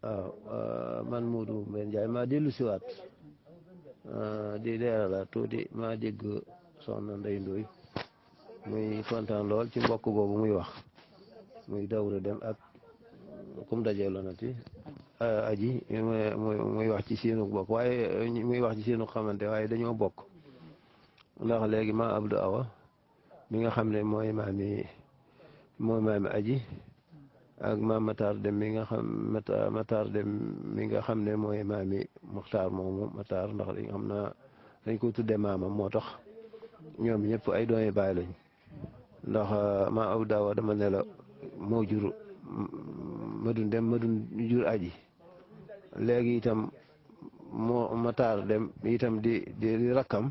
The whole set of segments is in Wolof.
waaw ah, ah, man Modou Mbène Ndiaye maa dellu siwaat ah, di leeralaat tuuti maa dégg soxna Ndeye Ndoye muy kontaan lool ci mbokk boobu muy wax muy dawra dem ak kum dajee lonati aji muy wax ci seenu bokk waaye muy wax ci seenu xamante waaye dañoo bokk ndax léegi ma Abdou Awa mi nga xam ne mooy maami mooy maami aji ak maam Matar Dem mi nga xam Matar mi nga xam ne mooy maami Muxtaar moomu Matar ndax dañ xam naa dañ ko tudde maamam moo tax ñoom ñëpp ay doomi baay lañ ndax euh, ma aw daawa dama ne la moo jur madun dem madun jur aji léegi itam moo Matar Dem itam di di rakkam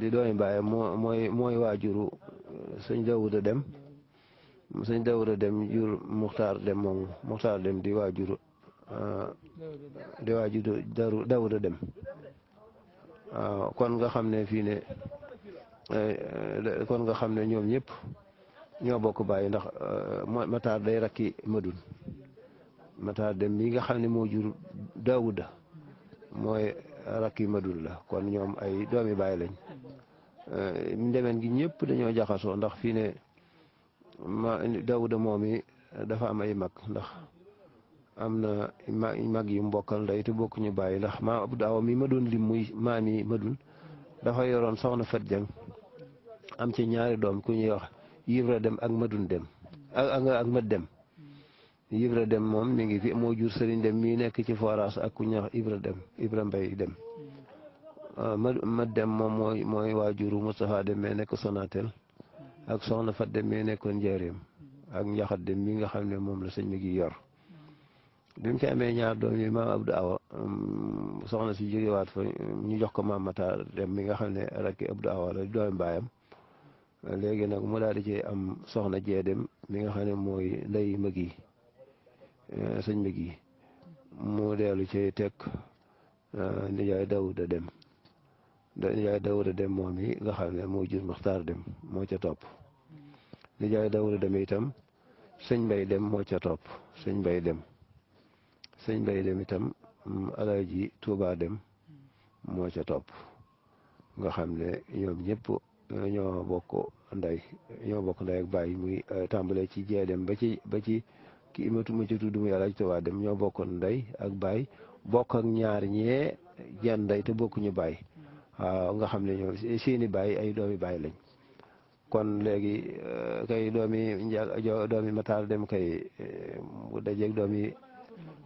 di doomi baay moo mooy mooy waajuru sëñ Daawuda Dem musen dawra dem jur muhtar dem mom muhtar dem di wajur di wajur dawra dem kon nga xamne fi ne e, e, kon nga xamne ñom ñep ño bokk bayyi ndax e, matar day rakki madun matar dem mi nga xamne mo jur dawuda moy rakki madun la kon ñom ay doomi bayyi lañ ñu demen gi ñep dañu jaxaso ndax fi ne ma Daawuda moom yi eh, dafa am ay mag ndax am na mag yu mbokkal ndey te bokkuñu bàyyi ndax maam Abu mi ma doon lim muy maam yi ma dul dafa yoroon soxna Fat Jeng am ci ñaari doom ku ñuy wax Yibra Dem ak Madun Dem ak ak Mad Dem Ibra moom mi ngi moo jur Sëriñ Dem mii nekk ci forage ak ku ñuy Dem Ibra Mbay Dem ma Dem moom mooy mooy waajuru Moustapha Dem mais nekk Sonatel ak soxna fat dem mee nekkoon njaareem ak njaxat dem mi nga xam ne moom la sëñ mi gi yor bi mu ci amee ñaar doom yi maam Abdou Awa mm, soxna si jógewaat fa ñu jox ko maam Mata dem mi nga xam ne rakki Abdou Awa la doomi baayam léegi nag mu daal di ci am soxna jee dem mi nga xam ne mooy ndey mag yi eh, sëñ mag yi mu dellu ci teg eh, nijaay Dawuda dem lijaay dawre dem moom yi nga xam ne moo jur muxtaar dem moo ca topp lijaay dawre dem itam sëñ mbay dem moo ca topp sëñ mbay dem sëñ mbay dem itam mm, alaay ji touba dem moo ca topp nga xam ne ñoom ñëpp ñoo bokk nday ñoo bokk nday ak bàyyi muy euh, tàmbalee ci jee dem ba ci ba ci ki imatu ma ca tudd muy alaaj touba dem ñoo bokkoon nday ak bàyyi bokk ak ñaar ñee jan nday te bokkuñu bàyyi nga xam ne ñoom seeni baay ay doomi baay lañ kon léegi euh, kay doomi njaag doomi mataar dem kay bu euh, dajeeg doomi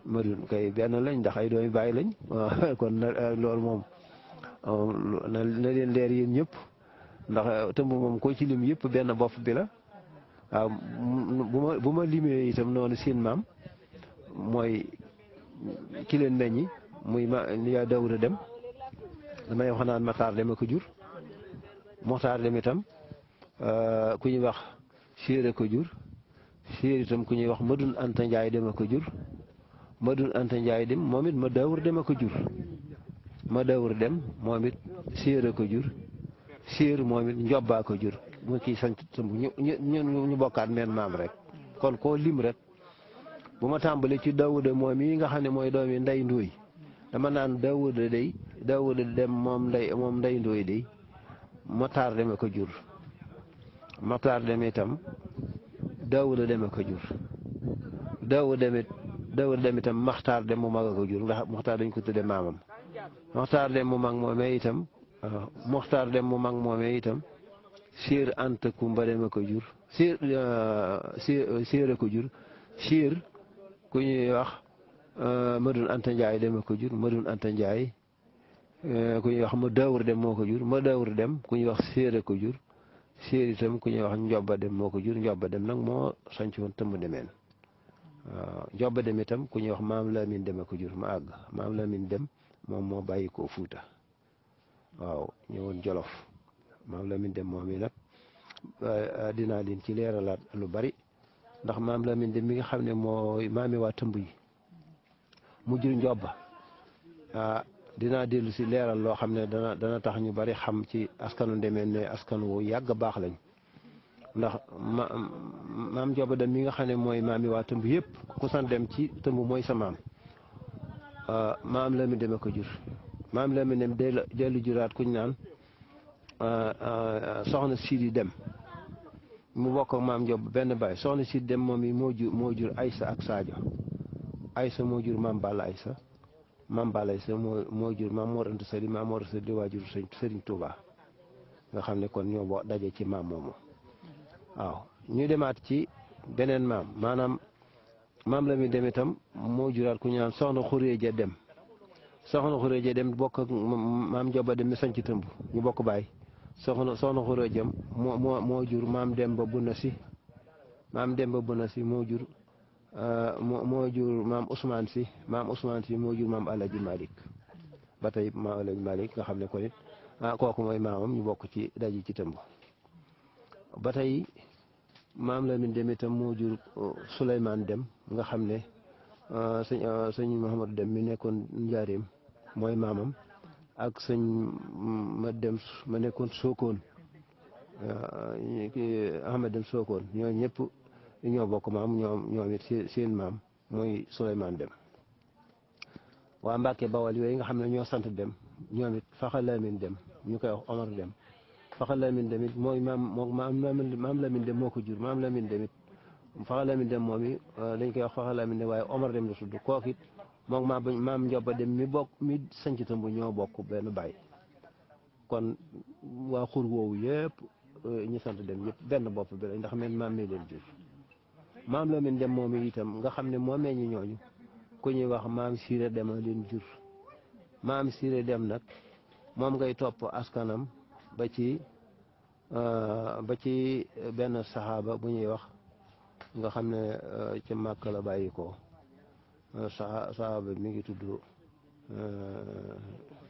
madun kay benn lañ ndax ay doomi baay lañ kon euh, loolu moom um, na leen leer yéen ñëpp ndax tëmb moom ko ci lim yëpp benn bopp bi la waaw bu ma bu ma limee itam noonu seen maam mooy ki leen meññi muy ma yaa Daawuda dem damay wax naan Matar Deme ko jur Moxtaar Deme itam euh, ku ñuy wax Séeré ko jur Séeré itam ku ñuy wax Madun Anta Ndiaye Deme ko jur Madun Anta Ndiaye dem moom ma dawur Deme ko jur ma dawur dem moom it Séeré ko jur Séer moom it Njobbaa ko jur mu ciy sant ñu ñu ñu bokkaat meen maam rek kon koo lim rek bu ma tàmbalee ci Daawuda moom yi nga xam ne mooy doom yi Ndey Nduy dama naan daawuda day daawuda dem moom nday moom nday ndooy day Matar Deme ko jur Matar Deme itam daawuda Deme ko jur daawuda Deme daawuda Deme itam Maxtaar Deme mu mag a ko jur ndax Maxtaar dañ ko tudde maamam Maxtaar Deme mu mag moomee itam waaw Maxtaar Deme mu mag moomee itam Siir Anta Kumba Deme ko jur Siir Siir Siir a ko jur Siir ku ñuy wax. Euh, Madoune Anta Ndiaye dem ko jur Madoune Anta Ndiaye euh, ku ñuy wax ma daawur dem moo ko jur ma daawur dem ku ñuy wax séera ko jur séer itam ku ñuy wax njobba dem moo ko jur njobba dem nag moo sanc woon tëmb demeen waaw njobba dem itam ku ñuy wax maam Lamine deme ko jur ma àgg maam dem moom moo bàyyi koo fuuta waaw ñëwoon jolof maam Lamine dem moom yi nag euh, dinaa leen ci leeralaat lu bari ndax maam la Lamine dem mi nga xam ne mooy maami waa tëmb yi mu jur njobba ah, dinaa dellu si leeral loo xam ne dana dana tax ñu bari xam ci askanu ndemeen ne askanu wu yàgg baax lañ ndax ma maam Njoba dem mi nga xam ne mooy maam yi waa tëmb yëpp ku san dem ci tëmb mooy sa maam ah, maam la mi deme ko jur maam la mi dem dellu juraat kuñ naan ah, soxna Sidi dem mu bokk ak maam Njoba benn baay soxna Sidi dem moom yi moo jur moo jur Aysa ak Sadio Aysa moo jur maam Balla Aysa maam Balla Aysa moo moo jur maam Mor Anta Sali maam Mor Anta Sali waajur Sëriñ Tuuba nga xam ne kon ñoo boo daje ci maam moomu waaw ñu demaat ci beneen maam maanaam maam la mi dem itam moo juraat ku ñaan soxna Xuree ja dem soxna Xuree ja dem bokk ak maam Joba dem mi sanc tëmb ñu bokk baay soxna soxna Xuree jam moo moo moo jur maam Demba Bunasi maam Demba Bunasi moo jur Euh, moo jur maam Ousmane si maam Ousmane si moo jur maam Alaji Malick ba tey maam Alaji Malick nga xam ne kon it ah, kooku mooy maamam ñu bokk ci daji ci tëmb ba tey maam Lamine Dem itam moo jur uh, Souleymane Dem nga xam ne uh, sëñ uh, sëñ Dem mi nekkoon njaareem mooy maamam ak sëñ ma dem ma nekkoon Sokone Ahmed Dem Sokone ñoo bokk maam ñoom ñoom it seen maam mooy Souleymane Dem waa Mbàkke Bawal yooyu nga xam ne ñoo sant Dem ñoom it Faxa Dem ñu koy wax Omar Dem Faxa Lamin Dem it mooy maam moo maam maam Lamin Dem moo ko jur maam Lamin Dem it Faxa Lamin Dem moom i euh, dañ koy wax Faxa Lamin Dem waaye Omar Dem la tudd kooku it moom maam maam Dem mi bokk mi sanc Tëmb ñoo bokk benn baay kon waa xur woowu yëpp euh, ñu sant Dem yëpp benn bopp bi la ndax men maam mi jur maam Lamine dem moom itam nga xam ne moo ñu ñooñu ku ñuy wax maam Siré dema leen jur maam Siré dem nag moom ngay topp askanam ba ci euh, ba ci benn saxaaba bu ñuy wax nga xam ne euh, ci màkk la bàyyi ko euh, saxaaba mi ngi tudd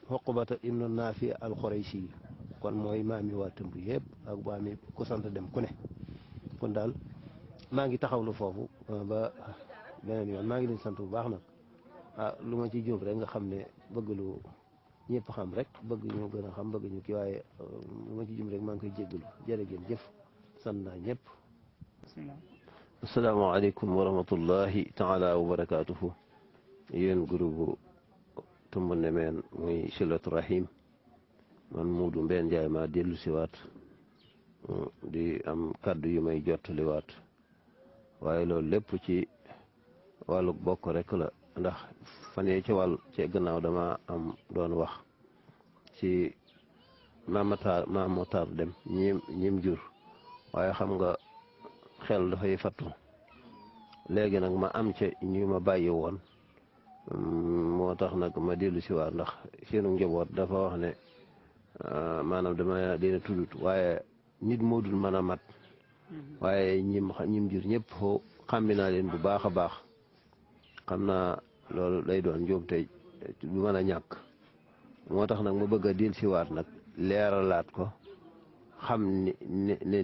xoqubata ibnu naafi al xurayshi kon mooy maami waa tëmb yëpp ak waami ku sant dem ku ne kon daal maa ngi taxawlu foofu euh, ba beneen yoon maa ngi leen sant bu baax nag ah lu ma ci jóob rek nga xam ne bëgg lu ñëpp xam rek bëgg ñu gën a xam bëgg ñu waaye euh, lu ma ci jum rek maa ngi koy jéggalu jërë ngeen jëf sant naa ñëpp asalaamaaleykum wa rahmatullahi taala wa barakaatuhu yéen groupe tumb ne meen muy silatu rahim man Muudu Mbeen Njaay maa dellu siwaat euh, di am kàddu yu may jottaliwaat waaye loolu lépp ci wàllu bokk rekk la ndax fan yee ci wàll ci gannaaw dama am doon wax ci maamatar maamatar dem ñim ñim jur waaye xam nga xel dafay fattu léegi nag ma am ca ñu ma bàyyi woon mm, moo tax nag ma dellu si waat ndax seenu njaboot dafa wax ne euh, maanaam dama leen tuddut waaye nit moo dul mën a mat Mhm. waaye ñim ñim jur ñëpp xàmmi naa leen bu baax a baax xam naa loolu day doon njuumte du mën a ñàkk moo tax nag ma bëgg a dil siwaat nag leeralaat ko xam ni ne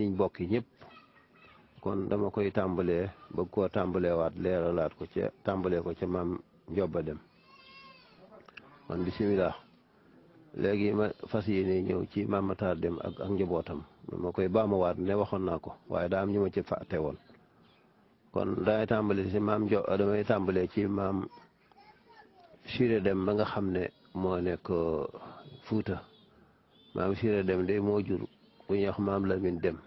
niñ bokki ñëpp kon dama koy tàmbalee bëgg koo tàmbalee waat leeralaat ko ca tàmbalee ko ca maam njoba dem kon bisimilah léegi ma fas yéene ñëw ci Mame dem ak ak njabootam ma koy baamuwaat ne waxoon naa ko waaye daa am ñu ma ci fàtte woon kon damay tàmbale si maam jo damay tàmbalee ci maam Siré dem ba nga xam ne moo nekk Fuuta maam Siré Deme de moo jur ku ñuy wax maam Lamine Deme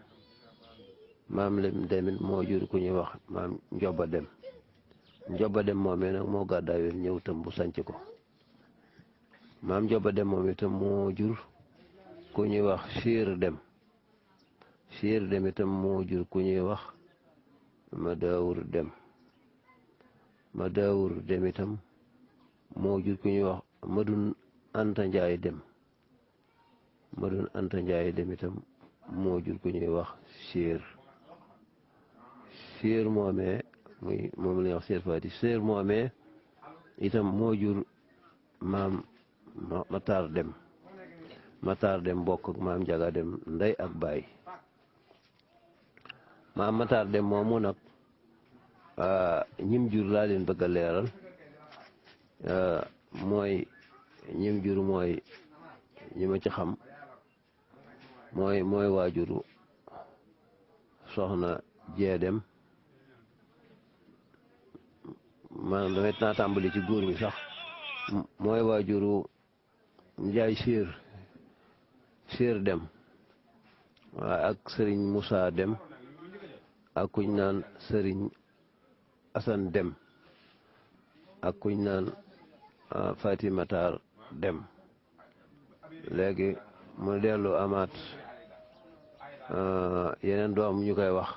maam Lamine moo jur ku ñuy wax maam Njoba Deme Njoba Deme moomee nag moo gàddaa yoon ñëw tam bu sanc ko maam Joba dem moom itam moo jur ku ñuy wax siir dem siir dem itam moo jur ku ñuy wax ma daawur dem ma daawur dem itam moo jur ku ñuy wax madun anta njaay dem madun anta njaay dem itam moo jur ku ñuy wax siir siir moomee muy moom la wax siir faati siir moomee itam moo jur maam Matar Dem Matar Dem bokk ak maam Njaga Dem ndey ak baay maam Matar Dem moomu nag ñim jur laa leen bëgg leeral mooy ñim jur mooy ñi ci xam mooy mooy waajuru soxna jee dem maanaam naa tàmbali ci góor ñi sax mooy waajuru njaay siir siir dem waaye ak sëriñ Moussa dem ak kuñ naan sëriñ asan dem ak kuñ naan Fatima dem léegi mu dellu amaat euh, yeneen doom ñu koy wax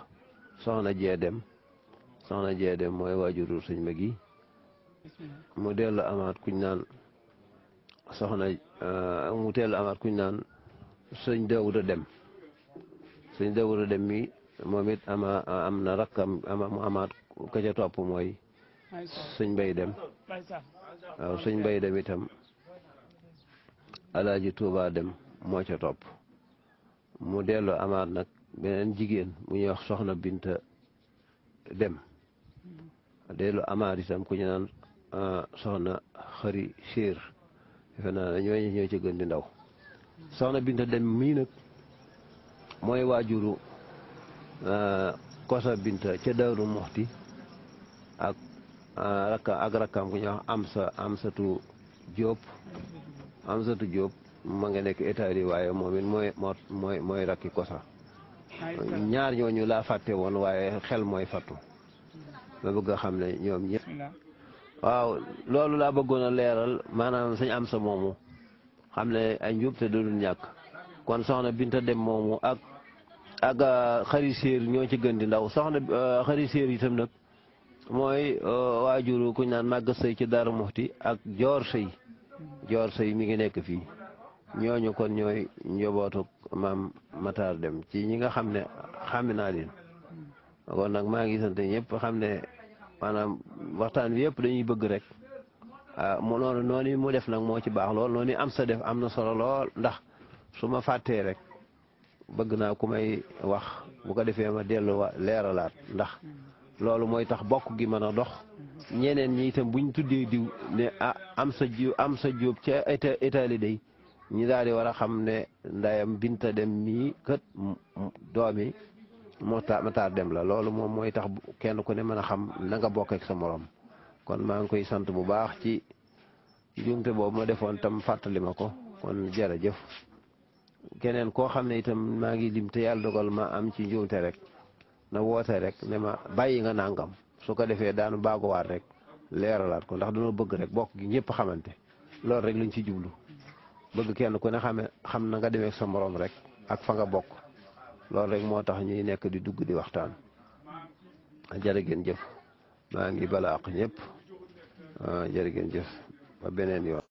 soxna jee dem soxna jee dem mooy waajuru sëñ ma gi mu dellu amaat kuñ naan soxna eh, mu teel amaat kuñ naan sëñ Daawuda Dem sëñ Daawuda Dem mi moom it am na rakkam ama mu amaat ka topp mooy sëñ Bay Dem waaw sëñ Bay Dem itam Alaaji Tuuba Dem moo ca topp mu dellu amaat nag beneen jigéen mu ñuy wax soxna Binta Dem mm-hmm. delloo amaat itam ku ñu naan eh, soxna Xari Séer defe naa ñooy ñoo ci di ndaw soxna Binta Dem mii nag mooy waajuru euh, Kosa Binta ca Daaru ak euh, rakka ak rakkaam ku ñuy wax Amsa Amsatu Diop Amsatu Diop ma nga nekk Italie waaye moom it mooy mooy rakki Kosa ñaar ñooñu laa fàtte woon waaye xel mooy fàttu ma bëgg a xam ne ñoom ñëpp waaw loolu laa bëggoon a leeral maanaam suñ am sa moomu xam ne ay njub te du ñàkk kon soxna Binta dem moomu ak ak xariséer euh, ñoo ci gën di ndaw soxna xariséer euh, itam nag mooy euh, waajuru kuñ naan màgg sëy ci Daaru Muxti ak joor sëy joor sëy mi ngi nekk fii ñooñu kon ñooy njobootu maam Matar dem ci ñi nga xam ne xam naa leen kon nag maa ngi sant ñëpp xam ne maanaam waxtaan wi yëpp dañuy bëgg rek ah mu noonu noonu mu def nag moo ci baax lool noonu am sa def am na solo lool ndax su ma fàttee rek bëgg naa ku may wax bu ko defee ma delluwa leeralaat ndax loolu mooy tax bokk gi mën a dox ñeneen ñi itam buñ tuddee diw ne ah, am sa jiw am sa jóob ca Italie day ñi daal di war a xam ne ndayam binta dem mii kët doomi Moxtaar Matar Dem la loolu moom mooy tax kenn ku ne mën a xam nanga nga sa morom kon maa ngi koy sant bu baax ci jumte boobu ma defoon tam fàttali ma ko kon jëf keneen koo xam ne itam maa ngi lim te yàlla dogal ma am ci njuumte rek na woote rek ne ma bàyyi nga nangam su ko defee daanu baaguwaat rek leeralaat ko ndax dañoo bëgg rek bokk gi ñëpp xamante loolu rek lañ ci jublu bëgg kenn ku ne xame xam na nga demee sa morom rek ak fa nga bokk loolu rek moo tax ñuy nekk di dugg di waxtaan jërë ngeen jëf maa ngi bala ak ñëpp ah, jërë ngeen jëf ba beneen yoon